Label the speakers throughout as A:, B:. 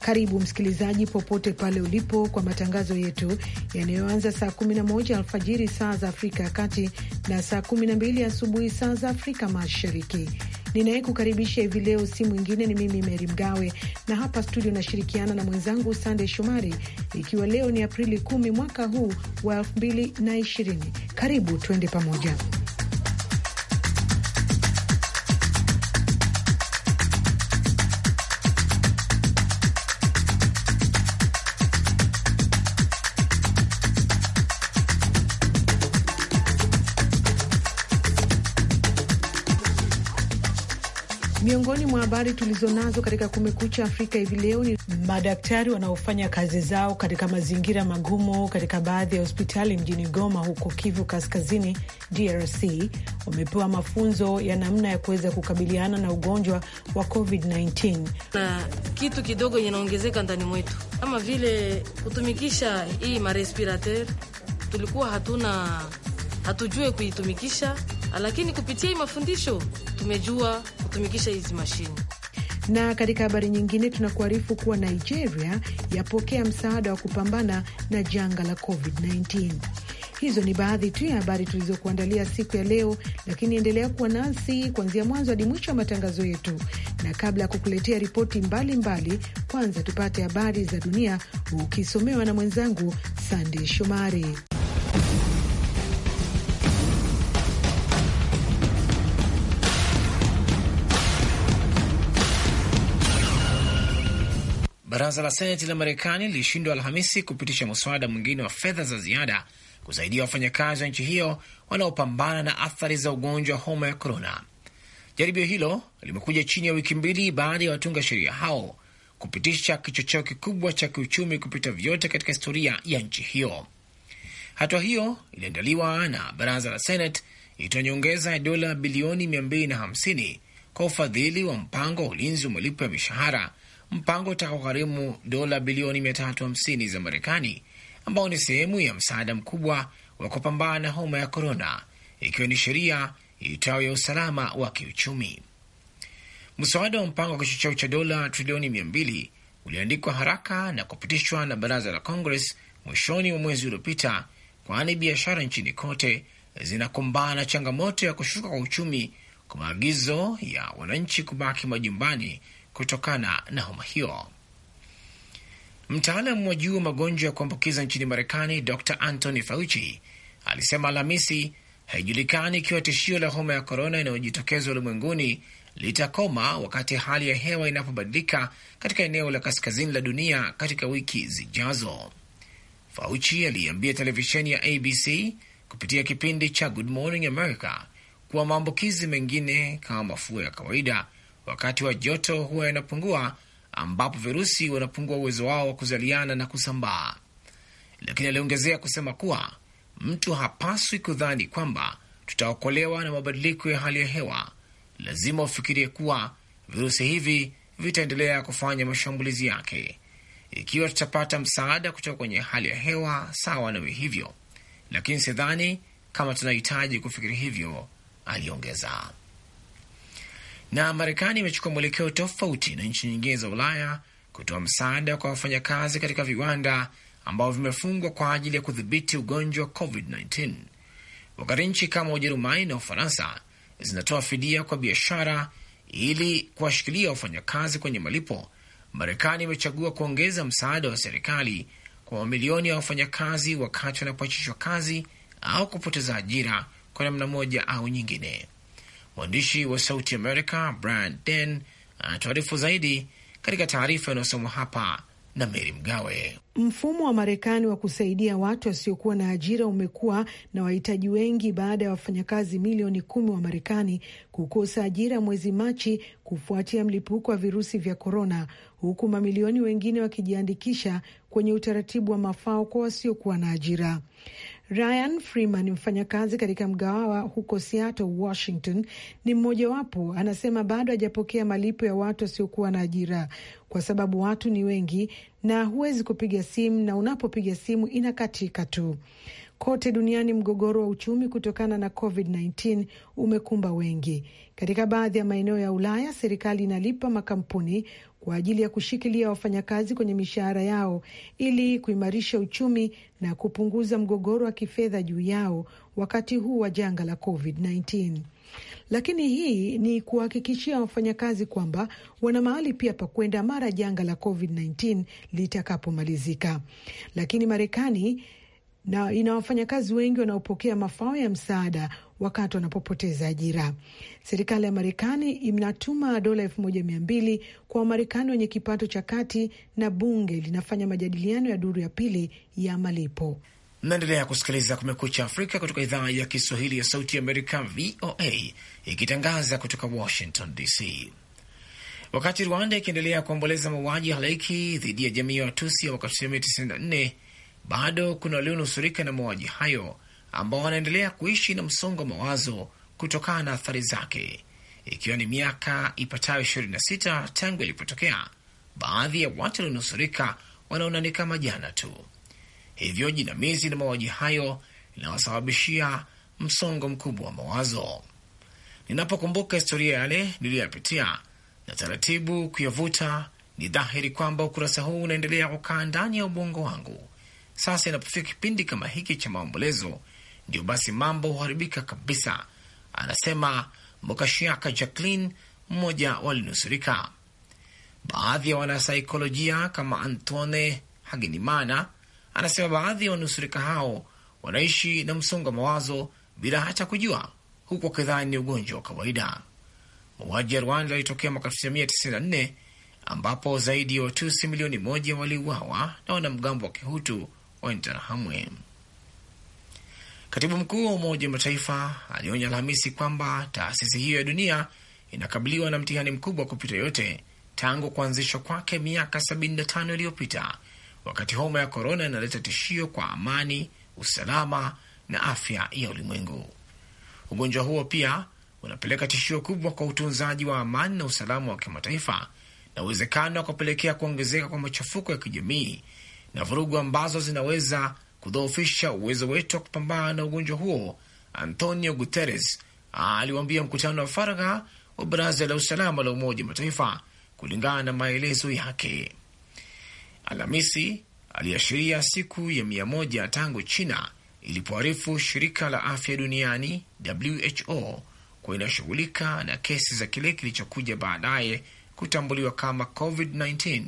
A: Karibu msikilizaji, popote pale ulipo kwa matangazo yetu yanayoanza saa 11 alfajiri saa za Afrika ya Kati na saa 12 asubuhi saa za Afrika Mashariki. Ninayekukaribisha hivi leo si mwingine ni mimi Meri Mgawe, na hapa studio nashirikiana na mwenzangu Sandey Shomari, ikiwa leo ni Aprili 10 mwaka huu wa 2020. Karibu tuende pamoja. Miongoni mwa habari tulizonazo katika Kumekucha Afrika hivi leo ni madaktari wanaofanya kazi zao katika mazingira magumu katika baadhi ya hospitali mjini Goma huko Kivu Kaskazini, DRC, wamepewa mafunzo ya namna ya kuweza kukabiliana na ugonjwa wa COVID-19.
B: Na kitu kidogo inaongezeka ndani mwetu, kama vile kutumikisha hii marespirater, tulikuwa hatuna hatujue kuitumikisha, lakini kupitia hii mafundisho tumejua kutumikisha hizi mashini
A: Na katika habari nyingine, tunakuarifu kuwa Nigeria yapokea msaada wa kupambana na janga la COVID-19. Hizo ni baadhi tu ya habari tulizokuandalia siku ya leo, lakini endelea kuwa nasi kuanzia mwanzo hadi mwisho wa matangazo yetu. Na kabla ya kukuletea ripoti mbalimbali, kwanza tupate habari za dunia ukisomewa na mwenzangu Sandey Shomari.
C: Baraza la Seneti la Marekani lilishindwa Alhamisi kupitisha mswada mwingine wa fedha za ziada kusaidia wafanyakazi wa nchi hiyo wanaopambana na athari za ugonjwa wa homa ya korona. Jaribio hilo limekuja chini ya wiki mbili baada ya watunga sheria hao kupitisha kichocheo kikubwa cha kiuchumi kupita vyote katika historia ya nchi hiyo. Hatua hiyo iliandaliwa na baraza la Senate ilitoa nyongeza ya dola bilioni 250 kwa ufadhili wa mpango wa ulinzi wa malipo ya mishahara mpango utakaogharimu dola bilioni 350 za Marekani, ambao ni sehemu ya msaada mkubwa wa kupambana na homa ya korona, ikiwa ni sheria iitwayo ya usalama wa kiuchumi. Mswada wa mpango wa kichocheo cha dola trilioni 200 uliandikwa haraka na kupitishwa na baraza la Congress mwishoni mwa mwezi uliopita, kwani biashara nchini kote zinakumbana na changamoto ya kushuka kwa uchumi kwa maagizo ya wananchi kubaki majumbani kutokana na homa hiyo. Mtaalamu wa juu wa magonjwa ya kuambukiza nchini Marekani, Dr Anthony Fauci alisema Alhamisi haijulikani ikiwa tishio la homa ya korona inayojitokeza ulimwenguni litakoma wakati hali ya hewa inapobadilika katika eneo la kaskazini la dunia katika wiki zijazo. Fauci aliiambia televisheni ya ABC kupitia kipindi cha Good Morning America kuwa maambukizi mengine kama mafua ya kawaida Wakati wa joto huwa yanapungua, ambapo virusi wanapungua uwezo wao wa kuzaliana na kusambaa. Lakini aliongezea kusema kuwa mtu hapaswi kudhani kwamba tutaokolewa na mabadiliko ya hali ya hewa. Lazima ufikirie kuwa virusi hivi vitaendelea kufanya mashambulizi yake. Ikiwa tutapata msaada kutoka kwenye hali ya hewa, sawa, na hivyo, lakini sidhani kama tunahitaji kufikiri hivyo, aliongeza na Marekani imechukua mwelekeo tofauti na nchi nyingine za Ulaya kutoa msaada kwa wafanyakazi katika viwanda ambao vimefungwa kwa ajili ya kudhibiti ugonjwa wa COVID-19, wakati nchi kama Ujerumani na Ufaransa zinatoa fidia kwa biashara ili kuwashikilia wafanyakazi kwenye malipo. Marekani imechagua kuongeza msaada wa serikali kwa mamilioni ya wafanyakazi wakati wanapoachishwa kazi au kupoteza ajira kwa namna moja au nyingine. Mwandishi wa Sauti America Brian Den anatuarifu zaidi katika taarifa inayosomwa hapa na Meri
B: Mgawe.
A: Mfumo wa Marekani wa kusaidia watu wasiokuwa na ajira umekuwa na wahitaji wengi baada ya wafanyakazi milioni kumi wa Marekani kukosa ajira mwezi Machi kufuatia mlipuko wa virusi vya korona, huku mamilioni wengine wakijiandikisha kwenye utaratibu wa mafao kwa wasiokuwa na ajira. Ryan Freeman, mfanyakazi katika mgawawa huko Seattle, Washington, ni mmojawapo. Anasema bado hajapokea malipo ya watu wasiokuwa na ajira kwa sababu watu ni wengi na huwezi kupiga simu, na unapopiga simu inakatika tu. Kote duniani mgogoro wa uchumi kutokana na COVID-19 umekumba wengi. Katika baadhi ya maeneo ya Ulaya, serikali inalipa makampuni kwa ajili ya kushikilia wafanyakazi kwenye mishahara yao ili kuimarisha uchumi na kupunguza mgogoro wa kifedha juu yao wakati huu wa janga la COVID-19. Lakini hii ni kuhakikishia wafanyakazi kwamba wana mahali pia pa kwenda mara janga la COVID-19 litakapomalizika. Lakini Marekani na ina wafanyakazi wengi wanaopokea mafao ya msaada wakati wanapopoteza ajira. Serikali ya Marekani inatuma dola elfu moja mia mbili kwa Wamarekani wenye kipato cha kati, na bunge linafanya majadiliano ya duru ya pili ya malipo.
C: Mnaendelea kusikiliza Kumekucha Afrika kutoka idhaa ya Kiswahili ya Sauti Amerika, VOA, ikitangaza kutoka Washington DC. Wakati Rwanda ikiendelea kuomboleza mauaji halaiki dhidi ya jamii ya Watusi ya mwaka 1994 bado kuna walionusurika na mauaji hayo ambao wanaendelea kuishi na msongo wa mawazo kutokana na athari zake, ikiwa ni miaka ipatayo 26 tangu ilipotokea. Baadhi ya watu walionusurika wanaona ni kama jana tu. Hivyo jinamizi na mauaji hayo linawasababishia msongo mkubwa wa mawazo. Ninapokumbuka historia yale niliyoyapitia na taratibu kuyavuta, ni dhahiri kwamba ukurasa huu unaendelea kukaa ndani ya ubongo wangu sasa inapofika kipindi kama hiki cha maombolezo, ndio basi mambo huharibika kabisa, anasema Mukashiaka Jacqueline, mmoja walinusurika. Baadhi ya wanasaikolojia kama Antone Haginimana anasema baadhi ya wanusurika hao wanaishi na msongo wa mawazo bila hata kujua, huku wakidhani ni ugonjwa wa kawaida. Mauaji ya Rwanda yalitokea mwaka 1994 ambapo zaidi ya Watusi milioni moja waliuawa na wanamgambo wa Kihutu Katibu mkuu wa Umoja wa Mataifa alionya Alhamisi kwamba taasisi hiyo ya dunia inakabiliwa na mtihani mkubwa kupita yote tangu kuanzishwa kwake miaka 75 iliyopita, wakati homa ya korona inaleta tishio kwa amani, usalama na afya ya ulimwengu. Ugonjwa huo pia unapeleka tishio kubwa kwa utunzaji wa amani na usalama wa kimataifa na uwezekano wa kupelekea kuongezeka kwa machafuko ya kijamii na vurugu ambazo zinaweza kudhoofisha uwezo wetu wa kupambana na ugonjwa huo, Antonio Guterres aliwaambia mkutano wa faragha wa Baraza la Usalama la Umoja Mataifa, kulingana na maelezo yake. Alhamisi aliashiria siku ya mia moja tangu China ilipoarifu shirika la afya duniani WHO kuwa inashughulika na kesi za kile kilichokuja baadaye kutambuliwa kama COVID-19,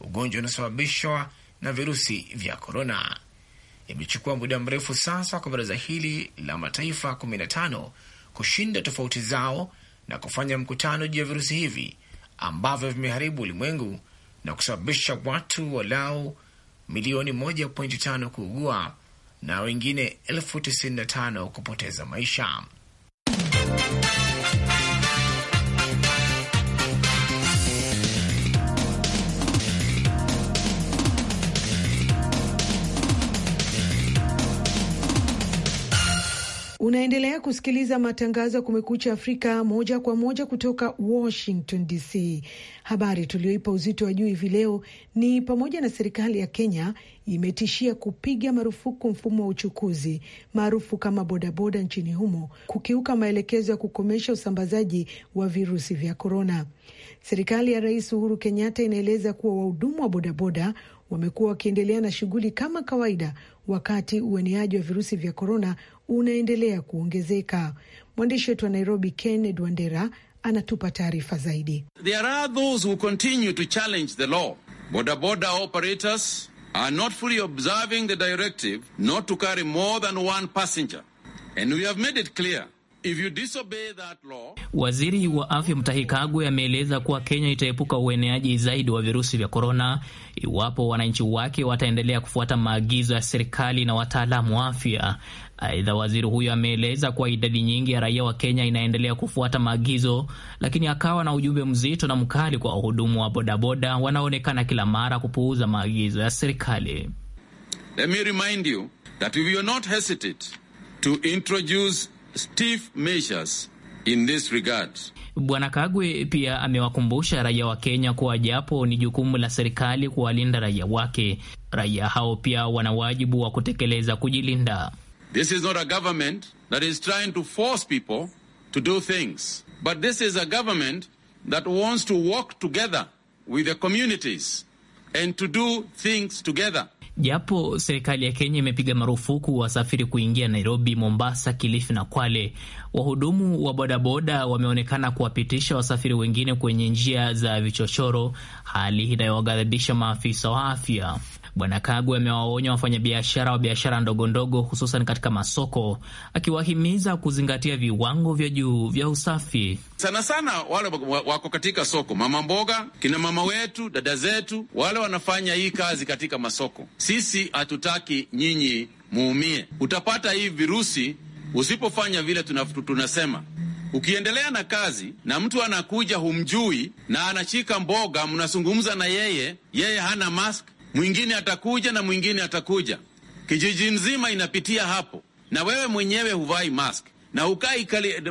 C: ugonjwa unaosababishwa na virusi vya korona. Imechukua muda mrefu sasa kwa baraza hili la mataifa 15 kushinda tofauti zao na kufanya mkutano juu ya virusi hivi ambavyo vimeharibu ulimwengu na kusababisha watu walau milioni 1.5 kuugua na wengine elfu 95 kupoteza maisha.
A: Unaendelea kusikiliza matangazo ya Kumekucha Afrika moja kwa moja kutoka Washington DC. Habari tuliyoipa uzito wa juu hivi leo ni pamoja na serikali ya Kenya imetishia kupiga marufuku mfumo wa uchukuzi maarufu kama bodaboda nchini humo kukiuka maelekezo ya kukomesha usambazaji wa virusi vya korona. Serikali ya Rais Uhuru Kenyatta inaeleza kuwa wahudumu wa bodaboda wamekuwa wakiendelea na shughuli kama kawaida wakati ueneaji wa virusi vya korona unaendelea kuongezeka. Mwandishi wetu wa Nairobi, Kenneth Wandera, anatupa taarifa zaidi.
D: There are those who continue to challenge the law. operators are not fully observing the directive not to carry more than one passenger. And we have made it clear If you disobey that
E: law... Waziri wa afya Mutahi Kagwe ameeleza kuwa Kenya itaepuka ueneaji zaidi wa virusi vya korona iwapo wananchi wake wataendelea kufuata maagizo ya serikali na wataalamu wa afya. Aidha, waziri huyo ameeleza kuwa idadi nyingi ya raia wa Kenya inaendelea kufuata maagizo, lakini akawa na ujumbe mzito na mkali kwa wahudumu wa bodaboda wanaoonekana kila mara kupuuza maagizo ya serikali.
D: Let me remind you that we will not hesitate to introduce stiff measures in this regard.
E: Bwana Kagwe pia amewakumbusha raia wa Kenya kuwa japo ni jukumu la serikali kuwalinda raia wake, raia hao pia wana wajibu wa kutekeleza kujilinda.
D: This is not a government that is trying to force people to do things, but this is a government that wants to work together with the communities and to do things
E: together. Japo serikali ya Kenya imepiga marufuku wasafiri kuingia Nairobi, Mombasa, Kilifi na Kwale, wahudumu wa bodaboda wameonekana kuwapitisha wasafiri wengine kwenye njia za vichochoro, hali inayowaghadhibisha maafisa wa afya. Bwana Kagwe amewaonya wafanyabiashara wa biashara ndogondogo hususan katika masoko, akiwahimiza kuzingatia viwango vya juu vya usafi, sana sana wale wako
D: katika soko, mama mboga, kina mama wetu, dada zetu, wale wanafanya hii kazi katika masoko. Sisi hatutaki nyinyi muumie. Utapata hii virusi usipofanya vile tunasema ukiendelea na kazi na mtu anakuja humjui, na anashika mboga, mnazungumza na yeye, yeye hana mask, mwingine atakuja na mwingine atakuja, kijiji nzima inapitia hapo, na wewe mwenyewe huvai mask na ukai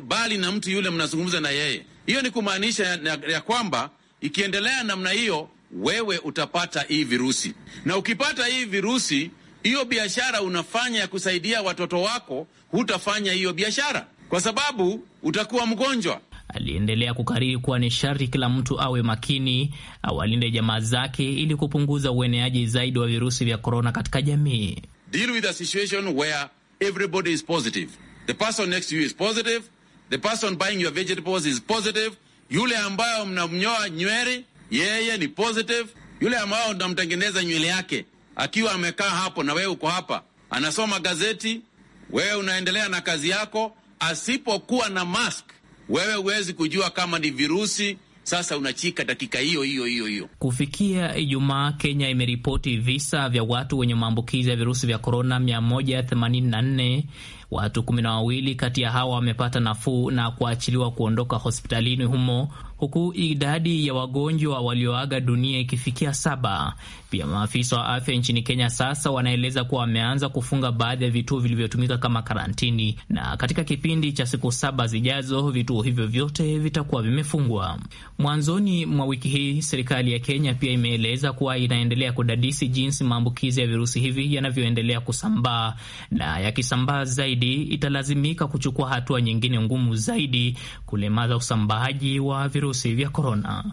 D: bali na mtu yule mnazungumza na yeye. Hiyo ni kumaanisha ya, ya kwamba ikiendelea namna hiyo, wewe utapata hii virusi, na ukipata hii virusi, hiyo biashara unafanya ya kusaidia watoto wako, hutafanya hiyo biashara kwa sababu utakuwa mgonjwa.
E: Aliendelea kukariri kuwa ni sharti kila mtu awe makini, awalinde jamaa zake ili kupunguza ueneaji zaidi wa virusi vya korona katika jamii.
D: Deal with a situation where everybody is positive. The person next to you is positive. The person buying your vegetables is positive. Yule ambayo mnamnyoa nywele yeye ni positive. Yule ambayo mnamtengeneza nywele yake akiwa amekaa hapo na wewe uko hapa, anasoma gazeti, wewe unaendelea na kazi yako, asipokuwa na mask wewe huwezi kujua kama ni virusi sasa unachika dakika hiyo hiyo hiyo hiyo.
E: Kufikia Ijumaa, Kenya imeripoti visa vya watu wenye maambukizi ya virusi vya korona 184 Watu kumi na wawili kati ya hawa wamepata nafuu na kuachiliwa kuondoka hospitalini humo huku idadi ya wagonjwa walioaga dunia ikifikia saba. Pia maafisa wa afya nchini Kenya sasa wanaeleza kuwa wameanza kufunga baadhi ya vituo vilivyotumika kama karantini, na katika kipindi cha siku saba zijazo vituo hivyo vyote vitakuwa vimefungwa. Mwanzoni mwa wiki hii, serikali ya Kenya pia imeeleza kuwa inaendelea kudadisi jinsi maambukizi ya virusi hivi yanavyoendelea kusambaa na yakisambaa zaidi zaidi italazimika kuchukua hatua nyingine ngumu zaidi kulemaza usambaaji wa virusi vya korona.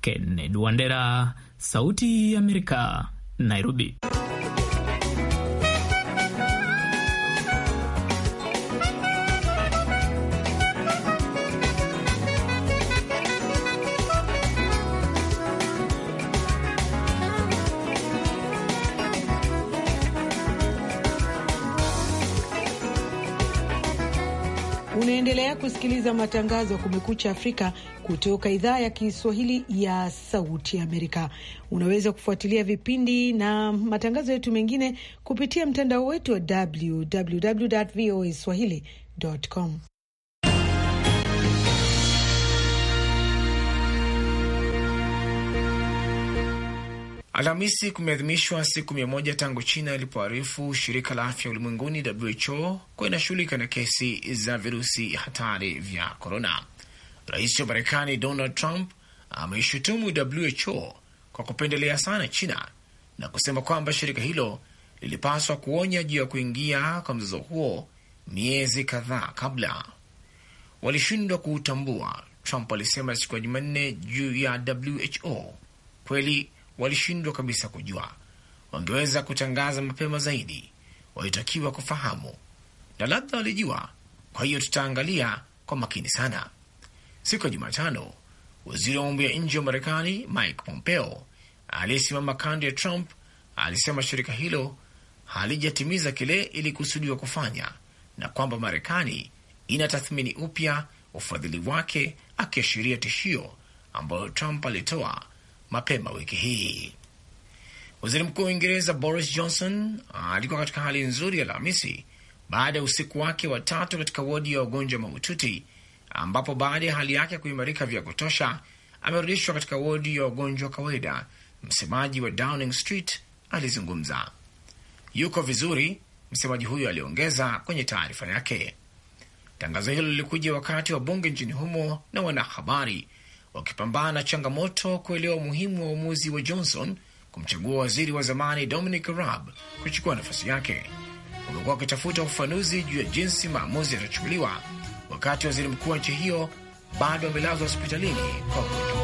E: Kennedy Wandera, Sauti ya Amerika, Nairobi.
A: Unaendelea kusikiliza matangazo ya Kumekucha Afrika kutoka idhaa ya Kiswahili ya Sauti Amerika. Unaweza kufuatilia vipindi na matangazo yetu mengine kupitia mtandao wetu wa www voa swahili com
C: Alhamisi kumeadhimishwa siku mia moja tangu China ilipoarifu shirika la afya ulimwenguni WHO kuwa inashughulika na kesi za virusi hatari vya korona. Rais wa Marekani Donald Trump ameishutumu WHO kwa kupendelea sana China na kusema kwamba shirika hilo lilipaswa kuonya juu ya kuingia kwa mzozo huo miezi kadhaa kabla. Walishindwa kuutambua, Trump alisema siku ya Jumanne juu ya WHO. Kweli walishindwa kabisa kujua. Wangeweza kutangaza mapema zaidi, walitakiwa kufahamu, na labda walijua. Kwa hiyo tutaangalia kwa makini sana. Siku ya Jumatano, waziri wa mambo ya nje wa Marekani Mike Pompeo aliyesimama kando ya Trump alisema shirika hilo halijatimiza kile ilikusudiwa kufanya na kwamba Marekani inatathmini upya ufadhili wake, akiashiria tishio ambayo Trump alitoa mapema wiki hii. Waziri Mkuu wa Uingereza Boris Johnson ah, alikuwa katika hali nzuri Alhamisi baada ya usiku wake wa tatu katika wodi ya wagonjwa mahututi, ambapo baada ya hali yake kuimarika vya kutosha amerudishwa katika wodi ya wagonjwa kawaida. Msemaji wa Downing Street alizungumza. Yuko vizuri, msemaji huyo aliongeza kwenye taarifa yake. Tangazo hilo lilikuja wakati wa bunge nchini humo na wanahabari wakipambana na changamoto kuelewa umuhimu wa uamuzi wa Johnson kumchagua waziri wa zamani Dominic Raab kuchukua nafasi yake. Wamekuwa wakitafuta ufafanuzi juu ya jinsi maamuzi yatachukuliwa wakati waziri mkuu wa nchi hiyo bado amelazwa hospitalini kwa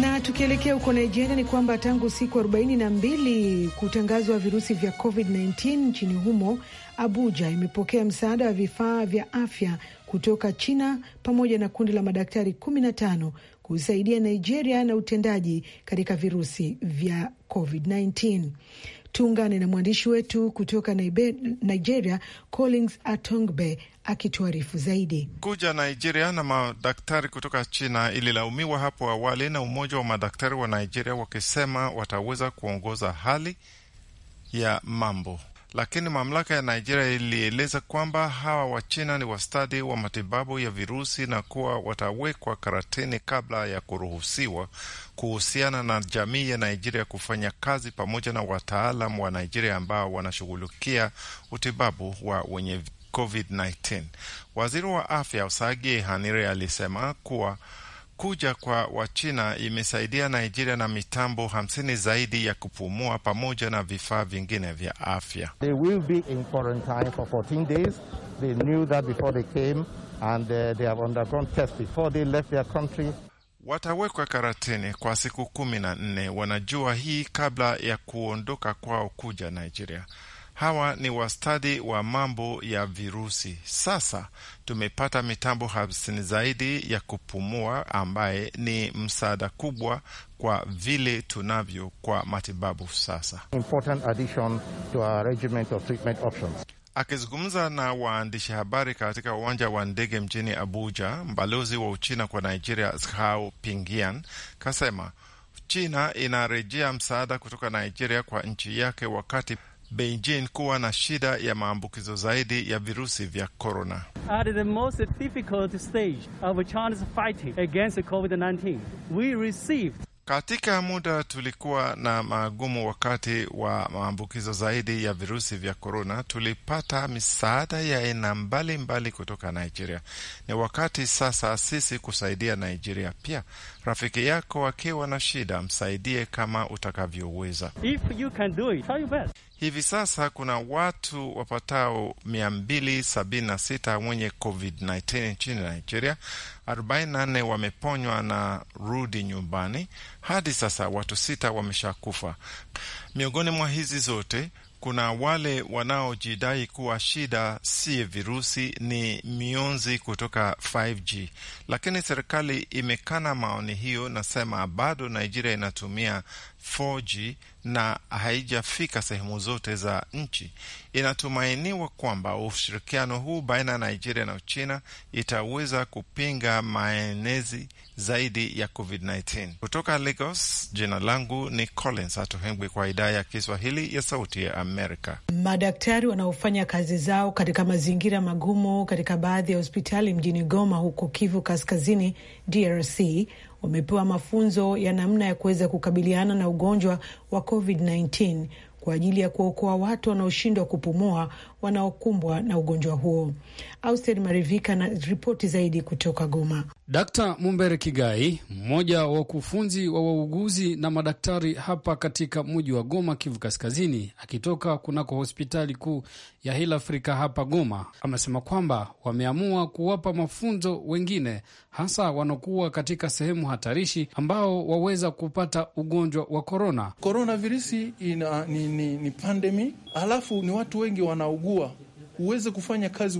A: Na tukielekea huko Nigeria ni kwamba tangu siku 42 kutangazwa virusi vya COVID-19 nchini humo, Abuja imepokea msaada wa vifaa vya afya kutoka China pamoja na kundi la madaktari 15 kusaidia Nigeria na utendaji katika virusi vya COVID-19. Tuungane na mwandishi wetu kutoka Nigeria, Collins Atongbe akituarifu zaidi.
F: Kuja Nigeria na madaktari kutoka China ililaumiwa hapo awali na umoja wa madaktari wa Nigeria wakisema wataweza kuongoza hali ya mambo, lakini mamlaka ya Nigeria ilieleza kwamba hawa wa China ni wastadi wa matibabu ya virusi na kuwa watawekwa karantini kabla ya kuruhusiwa kuhusiana na jamii ya Nigeria kufanya kazi pamoja na wataalam wa Nigeria ambao wanashughulikia utibabu wa wenye COVID-19. Waziri wa afya Usagi Hanire alisema kuwa kuja kwa Wachina imesaidia Nigeria na mitambo hamsini zaidi ya kupumua pamoja na vifaa vingine vya afya. Watawekwa karantini kwa siku kumi na nne. Wanajua hii kabla ya kuondoka kwao kuja Nigeria. Hawa ni wastadi wa mambo ya virusi. Sasa tumepata mitambo hamsini zaidi ya kupumua, ambaye ni msaada kubwa kwa vile tunavyo kwa matibabu sasa. Akizungumza na waandishi habari katika uwanja wa ndege mjini Abuja, mbalozi wa Uchina kwa Nigeria Zhao Pingian kasema China inarejea msaada kutoka Nigeria kwa nchi yake wakati Beijing kuwa na shida ya maambukizo zaidi ya virusi vya korona. Katika muda tulikuwa na magumu wakati wa maambukizo zaidi ya virusi vya korona, tulipata misaada ya aina mbalimbali kutoka Nigeria. Ni wakati sasa sisi kusaidia Nigeria pia. Rafiki yako akiwa na shida, msaidie kama utakavyoweza. Hivi sasa kuna watu wapatao 276 wenye COVID-19 nchini Nigeria, 44 wameponywa na rudi nyumbani. Hadi sasa watu sita wameshakufa. Miongoni mwa hizi zote kuna wale wanaojidai kuwa shida si virusi, ni mionzi kutoka 5G, lakini serikali imekana maoni hiyo, nasema bado Nigeria inatumia 4G na haijafika sehemu zote za nchi. Inatumainiwa kwamba ushirikiano huu baina ya Nigeria na Uchina itaweza kupinga maenezi zaidi ya COVID-19. Kutoka Lagos, jina langu ni Collins Atohengwi kwa idhaa ya Kiswahili ya Sauti ya Amerika.
A: Madaktari wanaofanya kazi zao katika mazingira magumu katika baadhi ya hospitali mjini Goma huko Kivu Kaskazini, DRC wamepewa mafunzo ya namna ya kuweza kukabiliana na ugonjwa wa COVID-19 kwa ajili ya kuokoa watu wanaoshindwa kupumua wanaokumbwa na ugonjwa huo. Austen Marivika na ripoti zaidi kutoka Goma.
G: Dkt. Mumbere Kigai, mmoja wa wakufunzi wa wauguzi na madaktari hapa katika mji wa Goma, Kivu Kaskazini, akitoka kunako hospitali kuu ya Hill Africa hapa Goma, amesema kwamba wameamua kuwapa mafunzo wengine, hasa wanaokuwa katika sehemu hatarishi, ambao waweza kupata ugonjwa wa korona. Korona virusi ni, ni, ni pandemi, alafu
F: ni
D: watu wengi wanaugua uweze kufanya kazi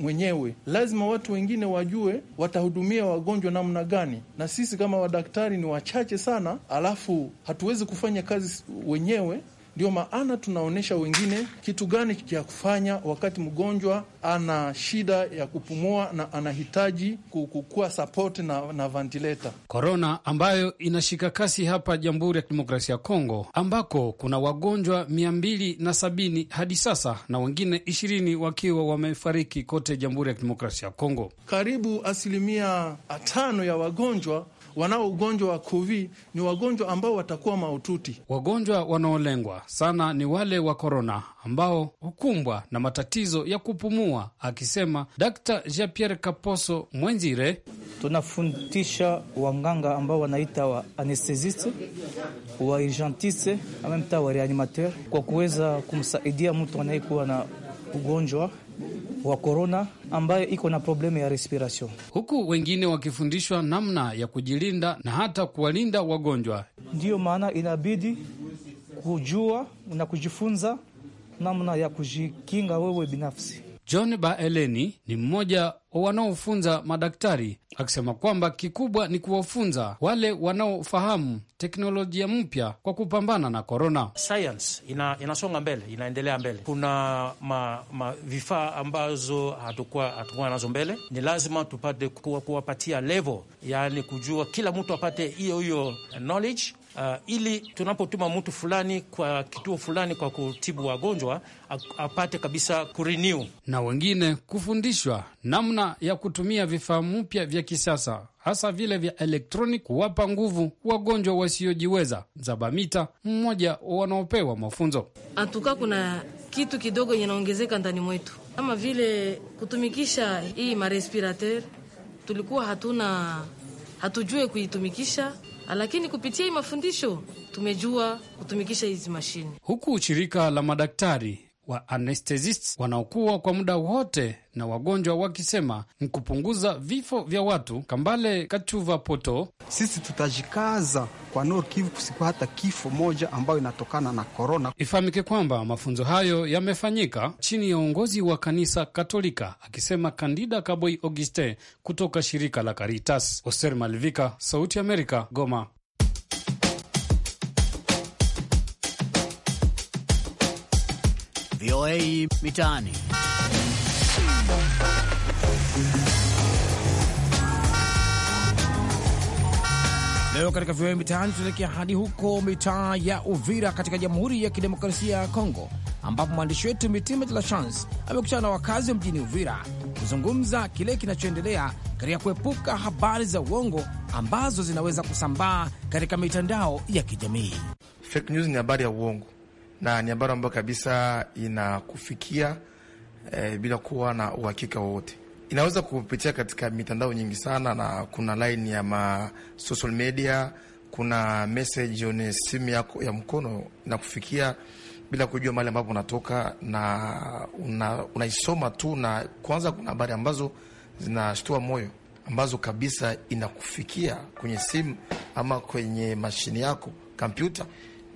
D: mwenyewe, lazima watu wengine wajue watahudumia wagonjwa namna gani, na sisi kama wadaktari ni wachache sana, alafu hatuwezi kufanya kazi wenyewe ndio maana tunaonyesha wengine kitu gani cha kufanya wakati mgonjwa ana shida ya kupumua na anahitaji kukua support na, na ventilator.
G: Korona ambayo inashika kasi hapa Jamhuri ya Kidemokrasia ya Kongo ambako kuna wagonjwa mia mbili na sabini hadi sasa na wengine ishirini wakiwa wamefariki kote Jamhuri ya Kidemokrasia ya Kongo. Karibu asilimia tano ya wagonjwa wanao ugonjwa wa COVID ni wagonjwa ambao watakuwa maututi Wagonjwa wanaolengwa sana ni wale wa korona ambao hukumbwa na matatizo ya kupumua, akisema Dr. Jean Pierre Kaposo
E: Mwenzire. Tunafundisha wanganga ambao wanaita wa anestesiste, wa urgentiste, amemta wa reanimateur, kwa kuweza kumsaidia mtu anayekuwa na ugonjwa wa korona ambayo iko na problemu ya respiration,
G: huku wengine wakifundishwa namna ya kujilinda na hata kuwalinda wagonjwa.
E: Ndiyo maana inabidi kujua na kujifunza namna ya kujikinga wewe binafsi.
G: John Baeleni ni mmoja wa wanaofunza madaktari akisema kwamba kikubwa ni kuwafunza wale wanaofahamu teknolojia mpya kwa kupambana na korona. Science ina, inasonga mbele, inaendelea mbele.
D: Kuna ma, ma vifaa ambazo hatukuwa hatukuwa nazo mbele. Ni lazima tupate kuwapatia level, yaani kujua kila mtu apate hiyo hiyo knowledge
G: Uh, ili tunapotuma mtu fulani kwa kituo fulani kwa kutibu wagonjwa apate kabisa kurenew, na wengine kufundishwa namna ya kutumia vifaa mpya vya kisasa hasa vile vya elektroniki kuwapa nguvu wagonjwa wasiojiweza. Zabamita mmoja wanaopewa mafunzo
B: atuka, kuna kitu kidogo inaongezeka ndani mwetu, kama vile kutumikisha hii marespirateur, tulikuwa hatuna hatujue kuitumikisha lakini kupitia hii mafundisho tumejua kutumikisha hizi mashine.
G: Huku shirika la madaktari wa anestesist wanaokuwa kwa muda wote na wagonjwa wakisema ni kupunguza vifo vya watu. Kambale Kachuva Poto: sisi tutajikaza kwa Nord Kivu kusikuwa hata kifo moja ambayo inatokana na korona. Ifahamike kwamba mafunzo hayo yamefanyika chini ya uongozi wa kanisa Katolika, akisema Kandida Kaboi Auguste kutoka shirika la Caritas. Oser Malivika, Sauti Amerika, Goma.
C: VOA Mitaani. Leo katika VOA Mitaani tunaelekea hadi huko mitaa ya Uvira katika Jamhuri ya Kidemokrasia ya Kongo, ambapo mwandishi wetu Mitima de la Chance amekutana na wakazi wa mjini Uvira kuzungumza kile kinachoendelea katika kuepuka habari za uongo ambazo zinaweza kusambaa katika mitandao
H: ya kijamii. Fake news ni habari ya uongo na ni habari ambayo kabisa inakufikia e, bila kuwa na uhakika wowote. Inaweza kupitia katika mitandao nyingi sana, na kuna line ya ma social media, kuna message on simu yako ya mkono inakufikia bila kujua mahali ambapo unatoka na una, unaisoma tu, na kwanza kuna habari ambazo zinashtua moyo ambazo kabisa inakufikia kwenye simu ama kwenye mashini yako kompyuta,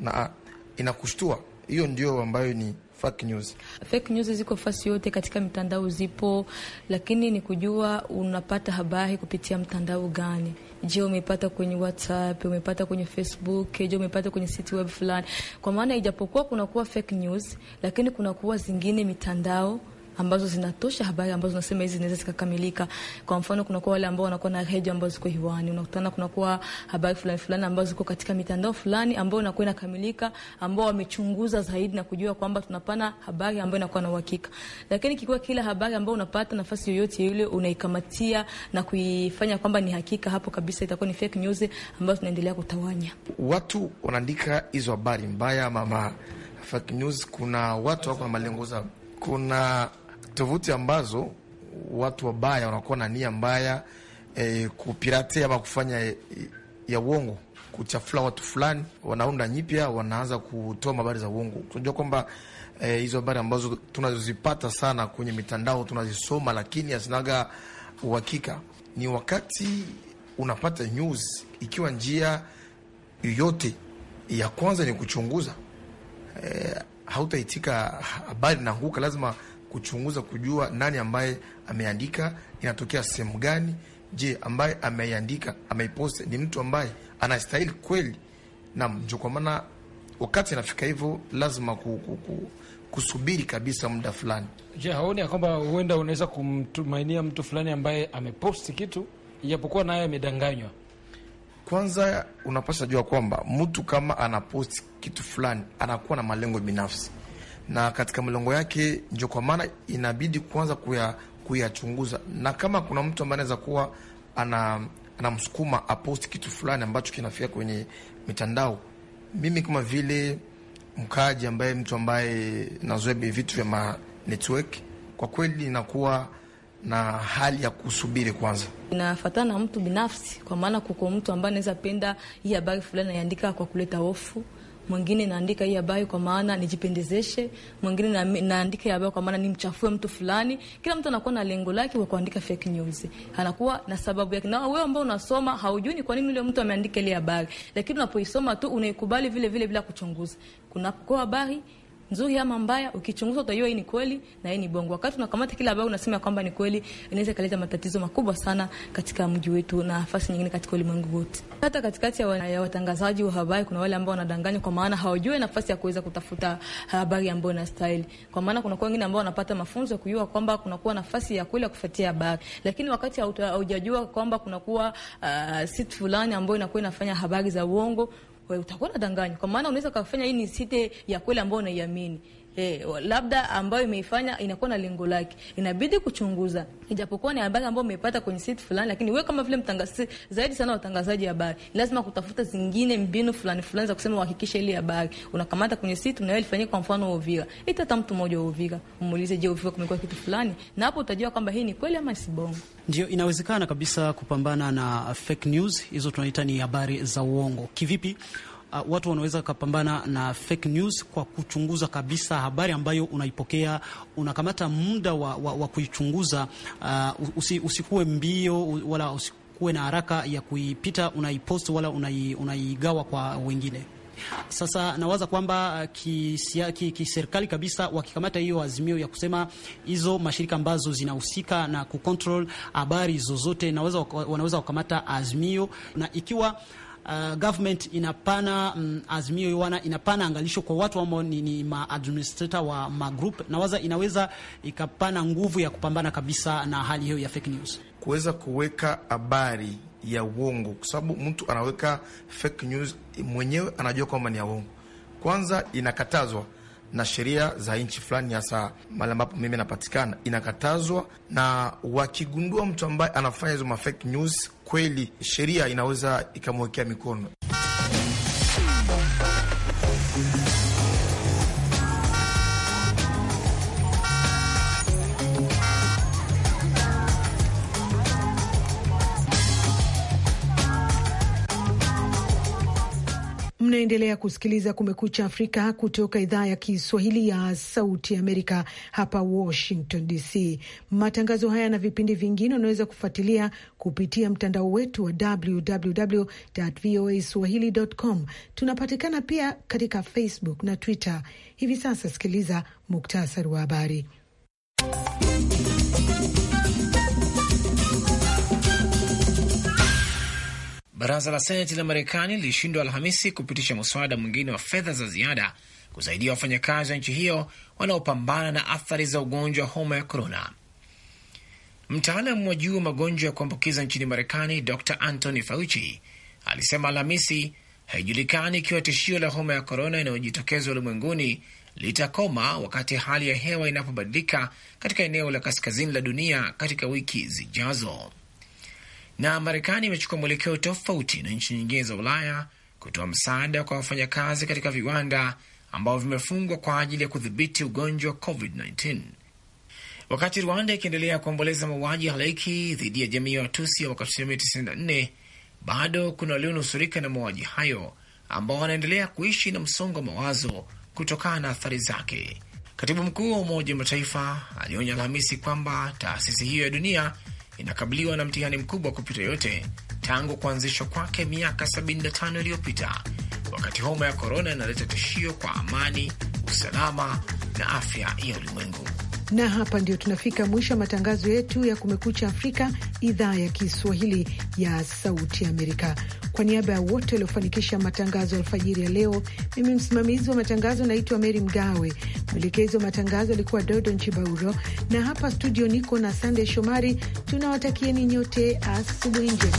H: na inakushtua hiyo ndio ambayo ni fake news.
B: Fake news ziko fasi yote katika mitandao zipo, lakini ni kujua unapata habari kupitia mtandao gani. Je, umepata kwenye WhatsApp? Umepata kwenye Facebook? Je, umepata kwenye site web fulani? Kwa maana ijapokuwa kunakuwa fake news, lakini kunakuwa zingine mitandao ambazo zinatosha habari ambazo unasema hizi zinaweza zikakamilika. Kwa mfano, kuna kwa wale ambao wanakuwa na redio ambazo ziko hewani, unakutana kuna kwa habari fulani fulani ambazo ziko katika mitandao fulani ambayo inakuwa inakamilika, ambao wamechunguza zaidi na kujua kwamba tunapana habari ambayo inakuwa na uhakika. Lakini kikiwa kila habari ambayo unapata nafasi yoyote ile unaikamatia na kuifanya kwamba ni hakika, hapo kabisa itakuwa ni fake news ambazo tunaendelea kutawanya.
H: Watu wanaandika hizo habari mbaya, mama fake news. Kuna watu wako na malengo zao, kuna tovuti ambazo watu wabaya wanakuwa na nia mbaya e, eh, kupirate ama kufanya e, ya uongo kuchafula watu fulani, wanaunda nyipya, wanaanza kutoa habari za uongo. Tunajua kwamba eh, hizo e, habari ambazo tunazozipata sana kwenye mitandao tunazisoma, lakini hazinaga uhakika. Ni wakati unapata news, ikiwa njia yoyote ya kwanza ni kuchunguza e, hautaitika habari na lazima kuchunguza kujua nani ambaye ameandika, inatokea sehemu gani. Je, ambaye ameiandika ameiposte ni mtu ambaye anastahili kweli? Nam, ndio kwa maana wakati inafika hivyo lazima ku, ku, ku, kusubiri kabisa muda fulani.
G: Je, haoni ya kwamba huenda unaweza kumtumainia mtu fulani ambaye ameposti kitu ijapokuwa naye amedanganywa?
H: Kwanza unapasha jua kwamba mtu kama anaposti kitu fulani anakuwa na malengo binafsi na katika milongo yake, ndio kwa maana inabidi kuanza kuya kuyachunguza, na kama kuna mtu ambaye anaweza kuwa ana anamsukuma aposti kitu fulani ambacho kinafika kwenye mitandao. Mimi kama vile mkaaji ambaye mtu ambaye nazoea vitu vya ma network, kwa kweli inakuwa na hali ya kusubiri kwanza,
B: inafatana na mtu binafsi, kwa maana kuko mtu ambaye anaweza penda hii habari fulani naiandika kwa kuleta hofu mwingine naandika hii habari kwa maana nijipendezeshe, mwingine na, naandika hii habari kwa maana nimchafue mtu fulani. Kila mtu anakuwa na lengo lake kwa kuandika fake news, anakuwa na sababu yake, na wewe ambao unasoma haujui ni kwa nini yule mtu ameandika ile habari, lakini unapoisoma tu unaikubali vile vile bila kuchunguza. Kuna kwa habari nzuri ama mbaya, ukichunguza utajua hii ni kweli na hii ni bongo. Wakati unakamata kila habari unasema kwamba ni kweli, inaweza ikaleta matatizo makubwa sana katika mji wetu na nafasi nyingine katika ulimwengu wote. Hata katikati ya ya watangazaji wa habari kuna wale ambao wanadanganywa, kwa maana hawajui nafasi ya kuweza kutafuta habari ambayo inastahili. Kwa maana kuna kwa wengine ambao wanapata mafunzo ya kujua kwamba kuna kuwa nafasi ya kweli ya kufuatia habari, lakini wakati haujajua kwamba kuna kuwa uh, ah, sit fulani ambayo inakuwa inafanya habari za uongo utakuwa na danganya kwa maana unaweza kufanya hii ni site ya kweli ambayo unaiamini eh, labda ambayo imeifanya inakuwa na lengo lake, inabidi kuchunguza, ijapokuwa ni habari ambayo umepata kwenye site fulani, lakini wewe kama vile mtangazaji zaidi sana watangazaji habari, lazima kutafuta zingine mbinu fulani fulani za kusema uhakikishe ile habari unakamata kwenye site, na ilifanyika. Kwa mfano Uvira, itata mtu mmoja wa Uvira, muulize, je, Uvira kumekuwa kitu fulani, na hapo utajua kwamba hii ni kweli ama si bongo.
G: Ndio inawezekana kabisa kupambana na fake news hizo, tunaita ni habari za uongo. Kivipi? uh, watu wanaweza kupambana na fake news kwa kuchunguza kabisa habari ambayo unaipokea, unakamata muda wa, wa, wa kuichunguza. Uh, usi, usikuwe mbio wala usikuwe na haraka ya kuipita unaipost wala unai, unaigawa kwa wengine. Sasa nawaza kwamba ah, kiserikali kabisa wakikamata hiyo azimio ya kusema hizo mashirika ambazo zinahusika na kucontrol habari zozote, naweza wanaweza kukamata azimio na ikiwa uh, government inapana um, azimio iwana inapana angalisho kwa watu ambao ni, ni administrator wa group, na waza
H: inaweza ikapana nguvu ya kupambana kabisa na hali hiyo ya fake news, kuweza kuweka habari ya uongo, kwa sababu mtu anaweka fake news mwenyewe anajua kwamba ni ya uongo. Kwanza inakatazwa na sheria za nchi fulani, hasa mahali ambapo mimi napatikana inakatazwa, na wakigundua mtu ambaye anafanya hizo ma fake news kweli sheria inaweza ikamwekea mikono.
A: Unaendelea kusikiliza Kumekucha Afrika kutoka idhaa ya Kiswahili ya Sauti Amerika hapa Washington DC. Matangazo haya na vipindi vingine unaweza kufuatilia kupitia mtandao wetu wa www voa swahili.com. Tunapatikana pia katika Facebook na Twitter. Hivi sasa sikiliza muktasari wa habari.
C: Baraza la Seneti la Marekani lilishindwa Alhamisi kupitisha mswada mwingine wa fedha za ziada kusaidia wafanyakazi wa nchi hiyo wanaopambana na athari za ugonjwa wa homa ya korona. Mtaalamu wa juu wa magonjwa ya kuambukiza nchini Marekani, Dr Anthony Fauci alisema Alhamisi haijulikani ikiwa tishio la homa ya korona inayojitokeza ulimwenguni litakoma wakati hali ya hewa inapobadilika katika eneo la kaskazini la dunia katika wiki zijazo na Marekani imechukua mwelekeo tofauti na nchi nyingine za Ulaya kutoa msaada kwa wafanyakazi katika viwanda ambao vimefungwa kwa ajili ya kudhibiti ugonjwa wa COVID-19. Wakati Rwanda ikiendelea kuomboleza mauaji halaiki dhidi ya jamii ya Watusi ya mwaka 1994, bado kuna walionusurika na mauaji hayo ambao wanaendelea kuishi na msongo wa mawazo kutokana na athari zake. Katibu mkuu wa Umoja wa Mataifa alionya Alhamisi kwamba taasisi hiyo ya dunia inakabiliwa na mtihani mkubwa kupita yote tangu kuanzishwa kwake miaka 75 iliyopita, wakati homa ya korona inaleta tishio kwa amani, usalama na afya ya ulimwengu.
A: Na hapa ndio tunafika mwisho wa matangazo yetu ya Kumekucha Afrika, idhaa ya Kiswahili ya Sauti Amerika. Kwa niaba ya wote waliofanikisha matangazo ya alfajiri ya leo, mimi msimamizi wa matangazo naitwa Meri Mgawe, mwelekezi wa matangazo alikuwa dodo nchibauro na hapa studio niko na Sandey Shomari. Tunawatakieni nyote asubuhi njema.